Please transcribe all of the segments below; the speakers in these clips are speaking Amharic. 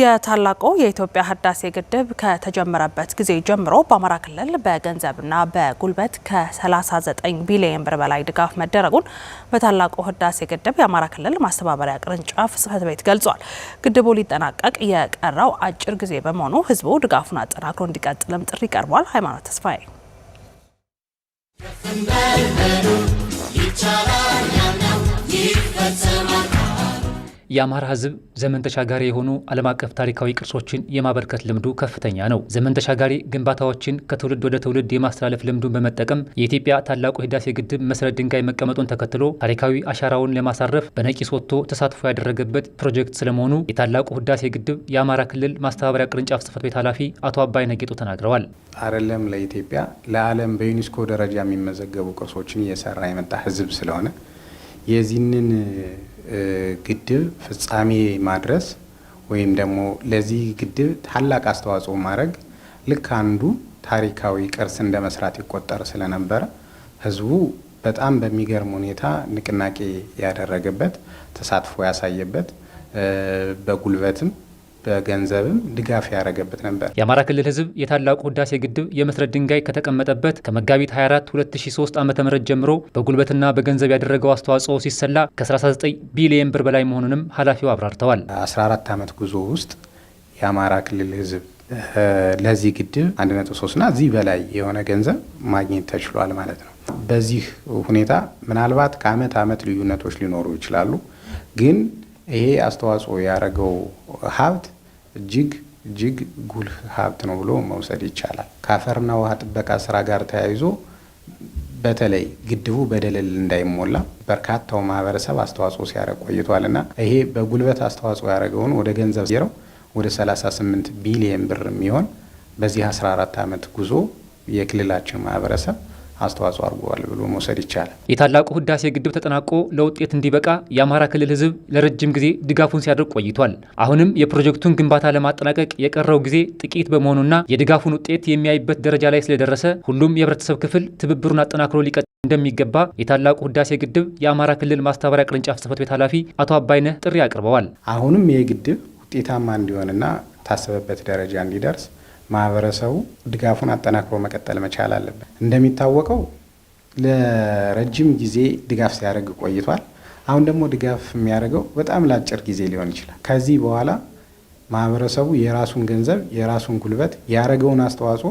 የታላቁ የኢትዮጵያ ህዳሴ ግድብ ከተጀመረበት ጊዜ ጀምሮ በአማራ ክልል በገንዘብና በጉልበት ከ39 ቢሊዮን ብር በላይ ድጋፍ መደረጉን በታላቁ ህዳሴ ግድብ የአማራ ክልል ማስተባበሪያ ቅርንጫፍ ጽሕፈት ቤት ገልጿል። ግድቡ ሊጠናቀቅ የቀረው አጭር ጊዜ በመሆኑ ህዝቡ ድጋፉን አጠናክሮ እንዲቀጥልም ጥሪ ቀርቧል። ሃይማኖት ተስፋዬ የአማራ ህዝብ ዘመን ተሻጋሪ የሆኑ ዓለም አቀፍ ታሪካዊ ቅርሶችን የማበርከት ልምዱ ከፍተኛ ነው። ዘመን ተሻጋሪ ግንባታዎችን ከትውልድ ወደ ትውልድ የማስተላለፍ ልምዱን በመጠቀም የኢትዮጵያ ታላቁ ህዳሴ ግድብ መሰረት ድንጋይ መቀመጡን ተከትሎ ታሪካዊ አሻራውን ለማሳረፍ በነቂስ ወጥቶ ተሳትፎ ያደረገበት ፕሮጀክት ስለመሆኑ የታላቁ ህዳሴ ግድብ የአማራ ክልል ማስተባበሪያ ቅርንጫፍ ጽፈት ቤት ኃላፊ አቶ አባይ ነጌጡ ተናግረዋል። አይደለም ለኢትዮጵያ ለዓለም በዩኒስኮ ደረጃ የሚመዘገቡ ቅርሶችን እየሰራ የመጣ ህዝብ ስለሆነ የዚህንን ግድብ ፍጻሜ ማድረስ ወይም ደግሞ ለዚህ ግድብ ታላቅ አስተዋጽኦ ማድረግ ልክ አንዱ ታሪካዊ ቅርስ እንደ መስራት ይቆጠር ስለነበረ ህዝቡ በጣም በሚገርም ሁኔታ ንቅናቄ ያደረገበት፣ ተሳትፎ ያሳየበት በጉልበትም በገንዘብም ድጋፍ ያደረገበት ነበር። የአማራ ክልል ህዝብ የታላቁ ህዳሴ ግድብ የመሰረት ድንጋይ ከተቀመጠበት ከመጋቢት 24 2003 ዓ ም ጀምሮ በጉልበትና በገንዘብ ያደረገው አስተዋጽኦ ሲሰላ ከ39 ቢሊየን ብር በላይ መሆኑንም ኃላፊው አብራርተዋል። 14 ዓመት ጉዞ ውስጥ የአማራ ክልል ህዝብ ለዚህ ግድብ 1.3ና እዚህ በላይ የሆነ ገንዘብ ማግኘት ተችሏል ማለት ነው። በዚህ ሁኔታ ምናልባት ከአመት አመት ልዩነቶች ሊኖሩ ይችላሉ ግን ይሄ አስተዋጽኦ ያደረገው ሀብት እጅግ እጅግ ጉልህ ሀብት ነው ብሎ መውሰድ ይቻላል። ከአፈርና ውሃ ጥበቃ ስራ ጋር ተያይዞ በተለይ ግድቡ በደለል እንዳይሞላ በርካታው ማህበረሰብ አስተዋጽኦ ሲያደርግ ቆይቷል እና ይሄ በጉልበት አስተዋጽኦ ያደረገውን ወደ ገንዘብ ዜረው ወደ 38 ቢሊየን ብር የሚሆን በዚህ 14 ዓመት ጉዞ የክልላችን ማህበረሰብ አስተዋጽኦ አድርጓል ብሎ መውሰድ ይቻላል። የታላቁ ህዳሴ ግድብ ተጠናቆ ለውጤት እንዲበቃ የአማራ ክልል ህዝብ ለረጅም ጊዜ ድጋፉን ሲያደርግ ቆይቷል። አሁንም የፕሮጀክቱን ግንባታ ለማጠናቀቅ የቀረው ጊዜ ጥቂት በመሆኑና የድጋፉን ውጤት የሚያይበት ደረጃ ላይ ስለደረሰ ሁሉም የህብረተሰብ ክፍል ትብብሩን አጠናክሮ ሊቀጥል እንደሚገባ የታላቁ ህዳሴ ግድብ የአማራ ክልል ማስተባበሪያ ቅርንጫፍ ጽህፈት ቤት ኃላፊ አቶ አባይነህ ጥሪ አቅርበዋል። አሁንም ይህ ግድብ ውጤታማ እንዲሆንና ታሰበበት ደረጃ እንዲደርስ ማህበረሰቡ ድጋፉን አጠናክሮ መቀጠል መቻል አለበት። እንደሚታወቀው ለረጅም ጊዜ ድጋፍ ሲያደርግ ቆይቷል። አሁን ደግሞ ድጋፍ የሚያደርገው በጣም ለአጭር ጊዜ ሊሆን ይችላል። ከዚህ በኋላ ማህበረሰቡ የራሱን ገንዘብ፣ የራሱን ጉልበት ያደረገውን አስተዋጽኦ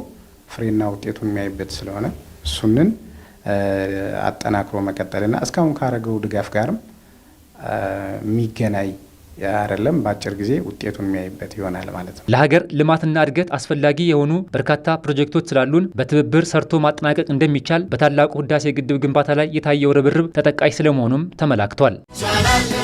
ፍሬና ውጤቱን የሚያይበት ስለሆነ እሱንን አጠናክሮ መቀጠልና እስካሁን ካደረገው ድጋፍ ጋርም የሚገናኝ አይደለም በአጭር ጊዜ ውጤቱን የሚያይበት ይሆናል ማለት ነው። ለሀገር ልማትና እድገት አስፈላጊ የሆኑ በርካታ ፕሮጀክቶች ስላሉን በትብብር ሰርቶ ማጠናቀቅ እንደሚቻል በታላቁ ህዳሴ ግድብ ግንባታ ላይ የታየው ርብርብ ተጠቃሽ ስለመሆኑም ተመላክቷል።